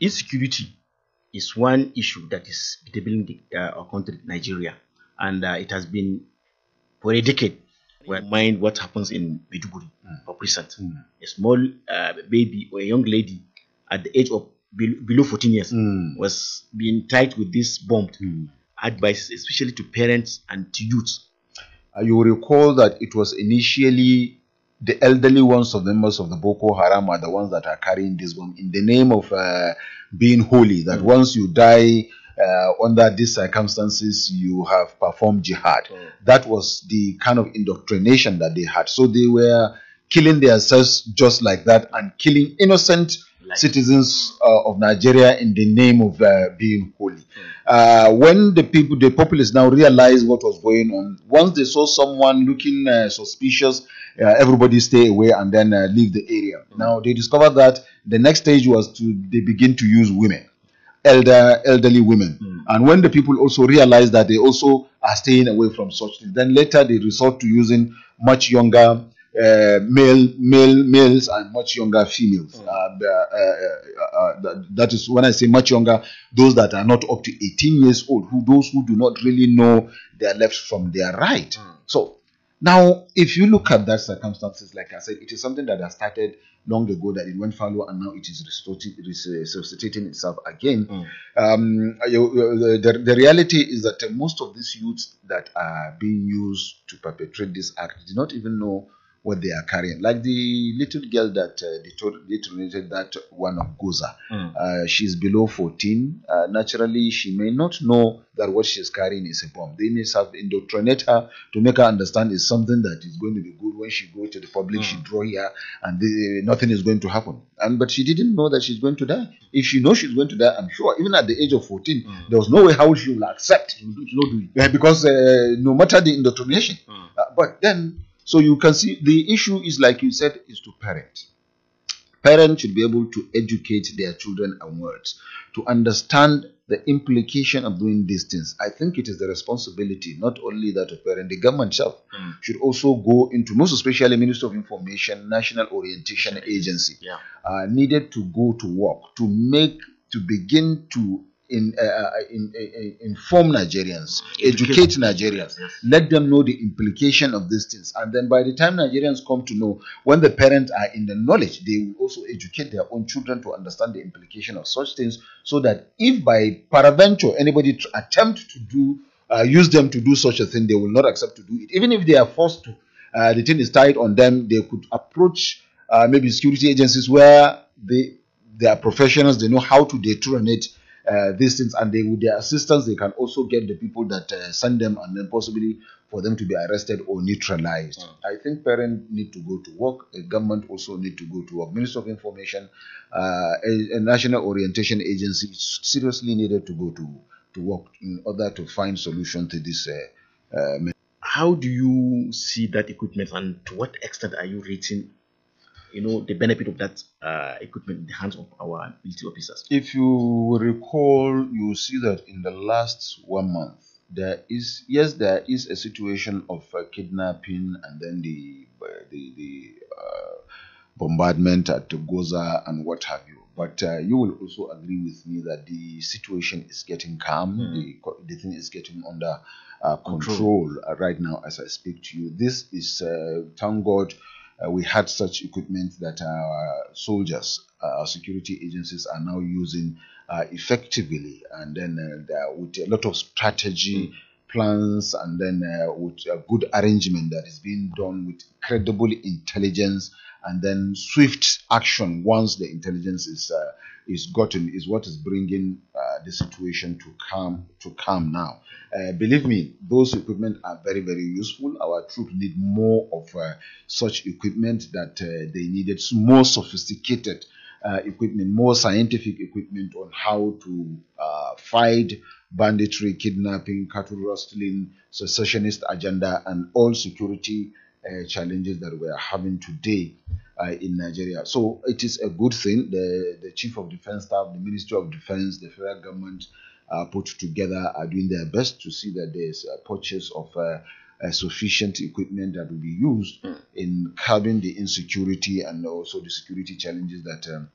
Insecurity is one issue that is bedeviling the, uh, our country, Nigeria, and uh, it has been for a decade. We mind what happens in Maiduguri mm. for present. Mm. A small uh, baby or a young lady at the age of below 14 years mm. was being tied with this bomb. Hmm. Advice, especially to parents and to youths. Uh, you recall that it was initially the elderly ones of the members of the Boko Haram are the ones that are carrying this bomb in the name of uh, being holy. That mm. once you die uh, under these circumstances, you have performed jihad. Mm. That was the kind of indoctrination that they had. So they were killing themselves just like that and killing innocent citizens uh, of Nigeria in the name of uh, being holy. Hmm. Uh, when the people, the populace now realized what was going on, once they saw someone looking uh, suspicious, uh, everybody stay away and then leave the area. Hmm. Now they discovered that the next stage was to they begin to use women elder elderly women mm. and when the people also realize that they also are staying away from such things then later they resort to using much younger uh, male male males and much younger females. Mm. Uh, uh, uh, that, that is when I say much younger, those that are not up to 18 years old, who those who do not really know their left from their right. Mm. So now, if you look at that circumstances, like I said, it is something that has started long ago that it went fallow and now it is uh, resuscitating itself again. Mm. Um, the, the reality is that most of these youths that are being used to perpetrate this act did not even know what they are carrying. Like the little girl that uh, detonated that one of Goza, mm. uh, she's below 14. Uh, naturally, she may not know that what she's carrying is a bomb. They may have indoctrinated her to make her understand it's something that is going to be good when she goes to the public. Mm. She hmm. draw here, and nothing is going to happen. And but she didn't know that she's going to die. If she knows she's going to die, I'm sure even at the age of 14, mm. there was no way how she will accept hmm. because uh, no matter the indoctrination. Hmm. Uh, but then so you can see the issue is like you said is to parent. Parents should be able to educate their children on words, to understand the implication of doing these things. I think it is the responsibility, not only that of parent, the government itself mm. should also go into, most especially Minister of Information, National Orientation Agency, yeah. uh, needed to go to work to make, to begin to in, uh, uh in, in, inform Nigerians, educate, Nigerians, yes. let them know the implication of these things. And then by the time Nigerians come to know, when the parents are in the knowledge, they will also educate their own children to understand the implication of such things so that if by paraventure anybody t- attempt to do, uh, use them to do such a thing, they will not accept to do it. Even if they are forced to, uh, the thing is tied on them, they could approach uh, maybe security agencies where they, they are professionals, they know how to deter it uh, these things, and they with their assistance they can also get the people that uh, send them, and then possibly for them to be arrested or neutralized. Mm. I think parents need to go to work. The government also need to go to work. Minister of Information, uh, a, a national orientation agency, seriously needed to go to to work in order to find solution to this. Uh, uh how do you see that equipment, and to what extent are you reaching you know the benefit of that uh, equipment in the hands of our military officers. If you recall, you see that in the last one month there is yes there is a situation of uh, kidnapping and then the uh, the, the uh, bombardment at Goza and what have you. But uh, you will also agree with me that the situation is getting calm. Mm. The, the thing is getting under uh, control, control right now as I speak to you. This is thank God uh, we had such equipment that our soldiers, uh, our security agencies are now using uh, effectively and then uh, with a lot of strategy. Mm plans and then uh, with a good arrangement that is being done with credible intelligence and then swift action once the intelligence is uh, is gotten is what is bringing uh, the situation to calm to calm now uh, believe me those equipment are very very useful our troops need more of uh, such equipment that uh, they needed more sophisticated uh, equipment more scientific equipment on how to fight banditry, kidnapping, cattle rustling, secessionist agenda, and all security uh, challenges that we are having today uh, in Nigeria. So it is a good thing. The, the Chief of Defense Staff, the Ministry of Defense, the federal government uh, put together are doing their best to see that there is a purchase of uh, sufficient equipment that will be used hmm. in curbing the insecurity and also the security challenges that um,